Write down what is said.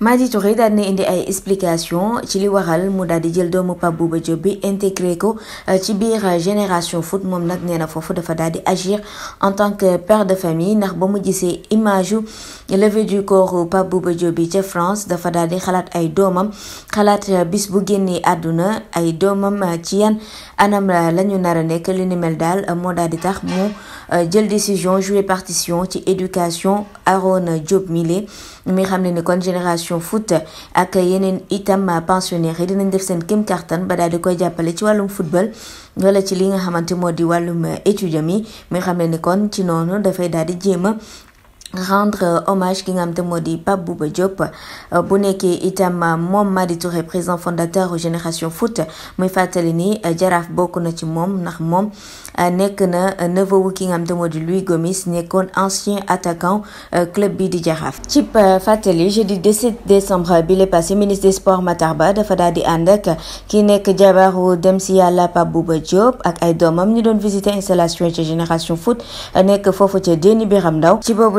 Mady Touré daal na indi ay explication ci li waral mu daal di jël doomu Pape Bouba Diop bi intégré ko euh, ci biir euh, génération foot moom nag nee na foofu dafa daal di agir en tant que père de famille ndax ba mu gisee image yu du corps Pape Bouba Diop bi ca France dafa daal di xalaat ay doomam xalaat euh, bis bu génnee àdduna ay doomam ci yan anam la ñu nar a nekk li ni mel daal moo daal di tax mu jël décision jouer partition ci éducation Aaron Diop Milé mi xam ne ni kon génération. Génération Foot ak yeneen itam pensionnaires yi dinañ def seen kem kàttan ba daal di koy jàppale ci wàllum football wala ci li nga xamante moo di wàllum étudiant mi muy xam ne ni kon ci noonu dafay daal di jéem rendre euh, hommage Kingam nga xam Diop euh, bu nekkee itam euh, moom Madi Touré président fondateur Génération Foot moy fàttali ni jaraf bokk na ci mom nak mom nekk na neveu ki nga lui te moo di Louis Gomis ancien attaquant club bi di jaraf ci fàttali jeudi 17 décembre bi la passé ministre des sports matarba Ba dafa daal di ànd ak ki nekk jabaru dem si yalla Babouba Diop ak ay domam ñu doon visiter installation ci Génération Foot nekk fofu ci Déni Biram Ndaw ci bobu